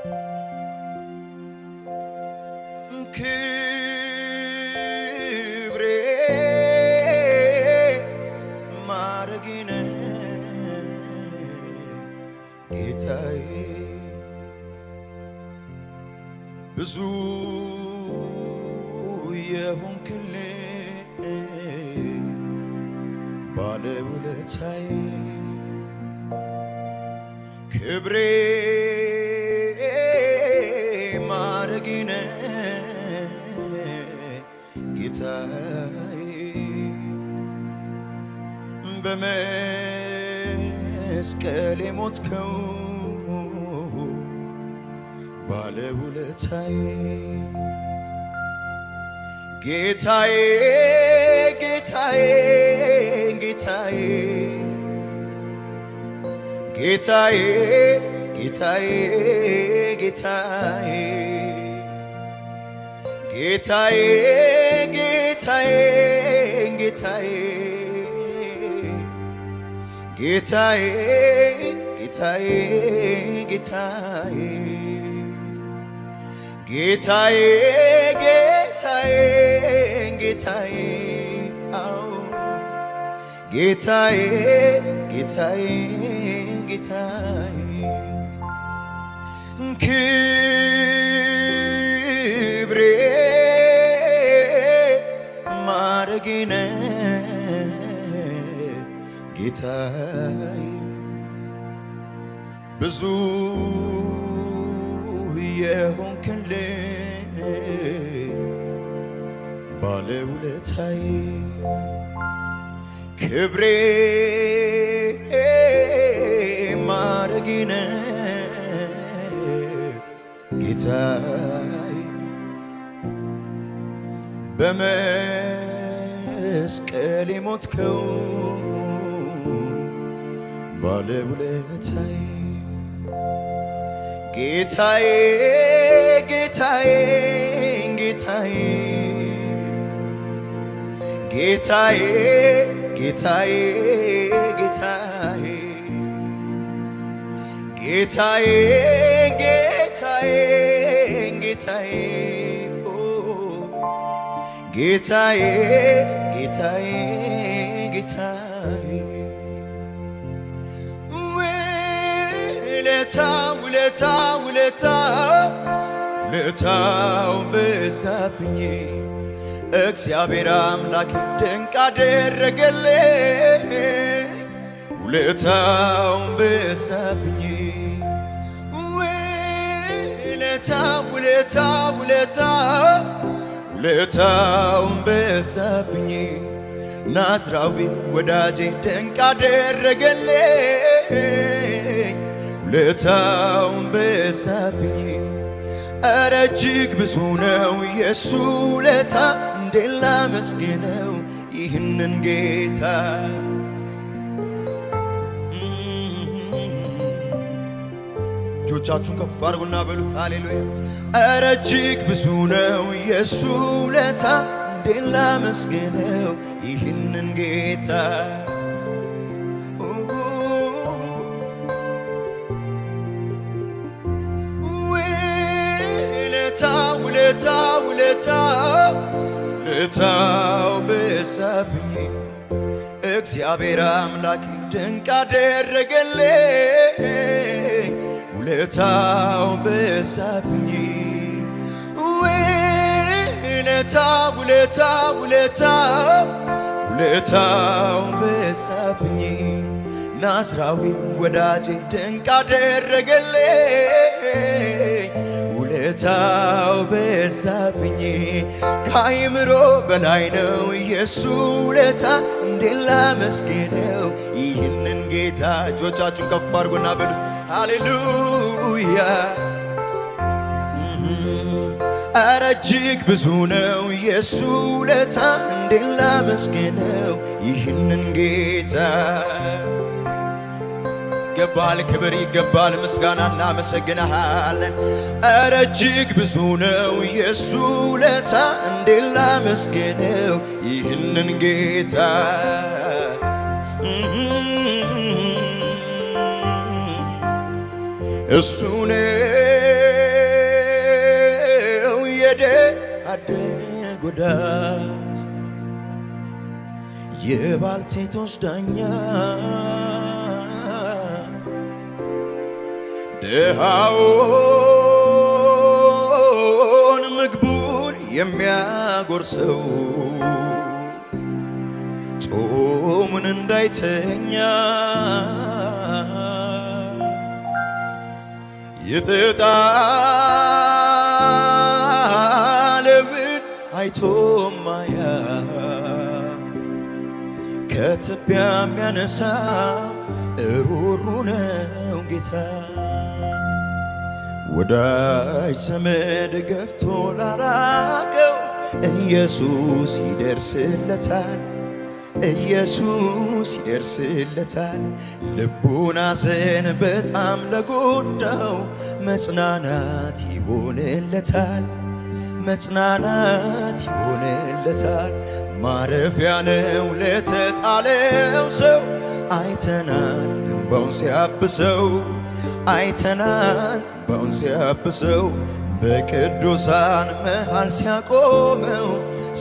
ክብሬ ብዙ የሆንክል ባለውለታዬ ክብሬ ጌታዬ በመስቀል የሞትከው ባለውለታዬ ጌታዬ ጌታዬ ጌታዬ ጌታዬ ጌታዬ ጌታዬ ጌታዬ ጌታዬ ጌታዬ ጌታዬ ጌታዬ ጌታዬ ጌታዬ ጌታዬ ጌታዬ ጌታዬ ጌታዬ ክብሬ ማረጌነ ጌታይ ብዙ የሆንክልኝ ባለውለታይ ክብሬ ማረጌነ ጌታይ በመ መስቀል የሞትከው ባለውለታዬ ጌታዬ ጌታዬ ጌታዬ ጌታዬ ጌታዬ ጌታዬ ጌታዬ ጌታዬ ጌታዬ ጌታዬ ጌታዬ ጌታዬ ውለታ ውለታ ውለታ ውለታው በዛብኝ እግዚአብሔር አምላክ ድንቅ አደረገልኝ። ውለታው በዛብኝ ውለታ ውለታ ውለታ ውለታውን በዛብኝ ናዝራዊ ወዳጄ ድንቅ አደረገልኝ። ውለታውን በዛብኝ እረ እጅግ ብዙ ነው የሱ ውለታ እንዴት ላመስግነው ይህንን ጌታ እጆቻችሁን ከፍ አድርጉና በሉት ሃሌሉያ። እረ እጅግ ብዙ ነው የሱ ውለታ፣ እንዴት ላመስግነው ይህንን ጌታ። ለታው በዛብኝ እግዚአብሔር አምላክ ድንቅ አደረገልኝ ውለታው በዛብኝ ውለታ ውለታ ውለታ ውለታው በዛብኝ ናዝራዊ ወዳጄ ድንቅ አደረገልኝ ውለታው በዛብኝ ከአይምሮ በላይ ነው የሱ ውለታ እንዴት ላመስግነው ይህንን ጌታ እጆቻችሁን ከፍ አድርጎና በሉት ሃሌሉያ። እረ እጅግ ብዙ ነው የሱ ውለታ፣ እንዴት ላመስግነው ይህንን ጌታ። ይገባል ክብር፣ ይገባል ምስጋና፣ እናመሰግንሃለን። እረ እጅግ ብዙ ነው የሱ ውለታ፣ እንዴት ላመስግነው ይህንን ጌታ እሱ ነው የድል አደግ ወዳጅ የባልቴቶች ዳኛ ድሃውን ምግቡን የሚያጎርሰው ጾሙን እንዳይተኛ የተጣለብን አይቶማያ ከትቢያ የሚያነሳ እሩሩ ነው ጌታ ወዳጅ ዘመድ ገፍቶ ላራቀው ኢየሱስ ይደርስለታል ኢየሱስ ይደርስለታል። ልቡን ሐዘን በጣም ለጎዳው መጽናናት ይሆንለታል፣ መጽናናት ይሆንለታል። ማረፊያ ነው ለተጣለው ሰው። አይተናል እንባውን ሲያብሰው፣ አይተናል እንባውን ሲያብሰው፣ በቅዱሳን መሃል ሲያቆመው፣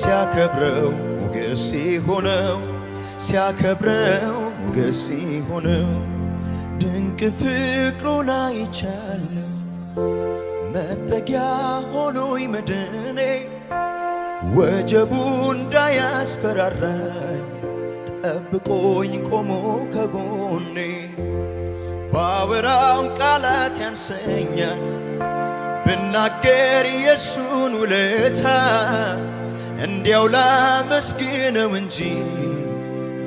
ሲያከብረው ሞገስ ሲሆነው ሲያከብረው ሞገስ ሲሆነው ድንቅ ፍቅሩን አይቻለው መጠጊያ ሆኖኝ መድኔ ወጀቡ እንዳያስፈራራኝ ጠብቆኝ ቆሞ ከጎኔ ባወራው ቃላት ያንሰኛል ብናገር የሱን ውለታ እንዲያው ላመስግነው እንጂ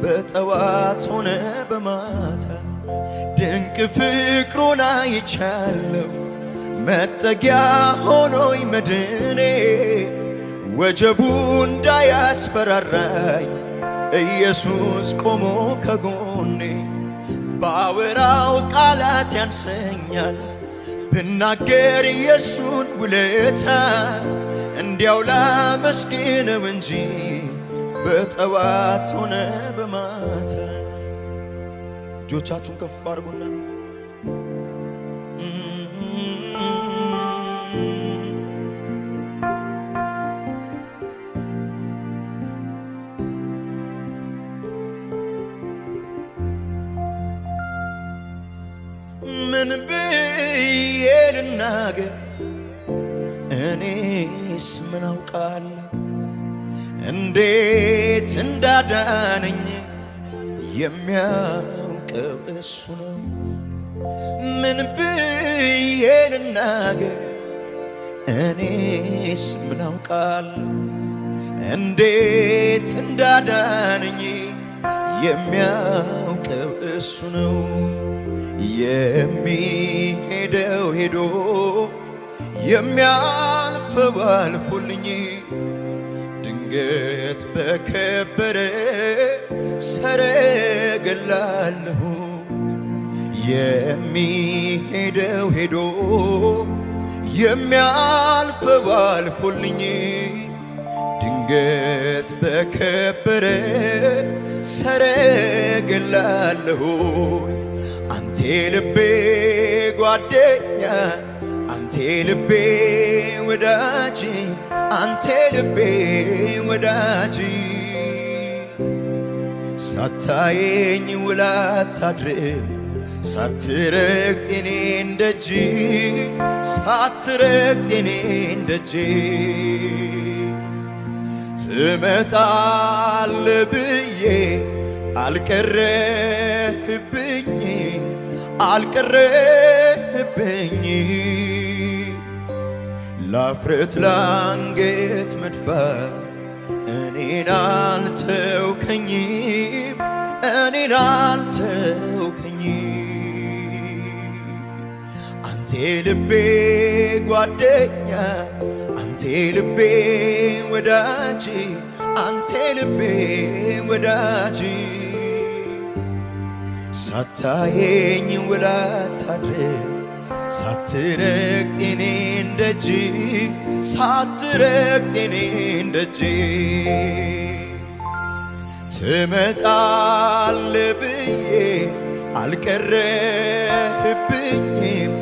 በጠዋት ሆነ በማታ ድንቅ ፍቅሩን አይቻለው መጠጊያ ሆኖኝ መድኔ ወጀቡ እንዳያስፈራራኝ ኢየሱስ ቆሞ ከጎኔ ባወራው ቃላት ያንሰኛል ብናገር ኢየሱን ውለታ እንዲያው ላመስግነው እንጂ በጠዋት ሆነ በማታ እጆቻችሁን ከፍ አድርጉና ምን ብዬ ልናገር እኔስ ምን አውቃለሁ እንዴት እንዳዳነኝ የሚያውቀው እሱ ነው። ምን ብዬ ልናገር? እኔስ ምን አውቃለሁ? እንዴት እንዳዳነኝ የሚያውቀው እሱ ነው። የሚሄደው ሄዶ የሚያልፈው አልፎልኝ በአንገት በከበረ ሰረገላለሁ የሚሄደው ሄዶ የሚያልፈው አልፎልኝ ድንገት በከበረ ሰረገላለሁ አንቴ ልቤ ጓደኛ አንቴ ልቤ ወዳጅ አንቴ ልቤ ወዳጅ ሳታየኝ ውላ አታድርም ሳትረግጥ እኔን ደጅ ሳትረግጥ እኔን ደጅ ትመጣለ ብዬ አልቀረህብኝ አልቀረህብኝ ላፍርት ላንገት መድፋት እኔን አልተውከኝም እኔን አልተውከኝም አንቴ ልቤ ጓደኛ አንቴ ልቤ ወዳጅ አንቴ ልቤ ወዳጅ ሳታየኝ ውላ ታድር ሳትረግጥ እኔን ደጅ ሳትረግጥ እኔን ደጅ ትመጣለህ ብዬ አልቀረህብኝም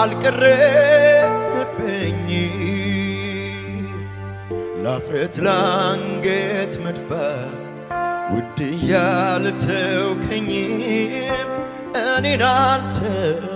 አልቀረህብኝ ላፍረት ላንገት መድፋት ውድ ያልተውከኝም እኔን አልተው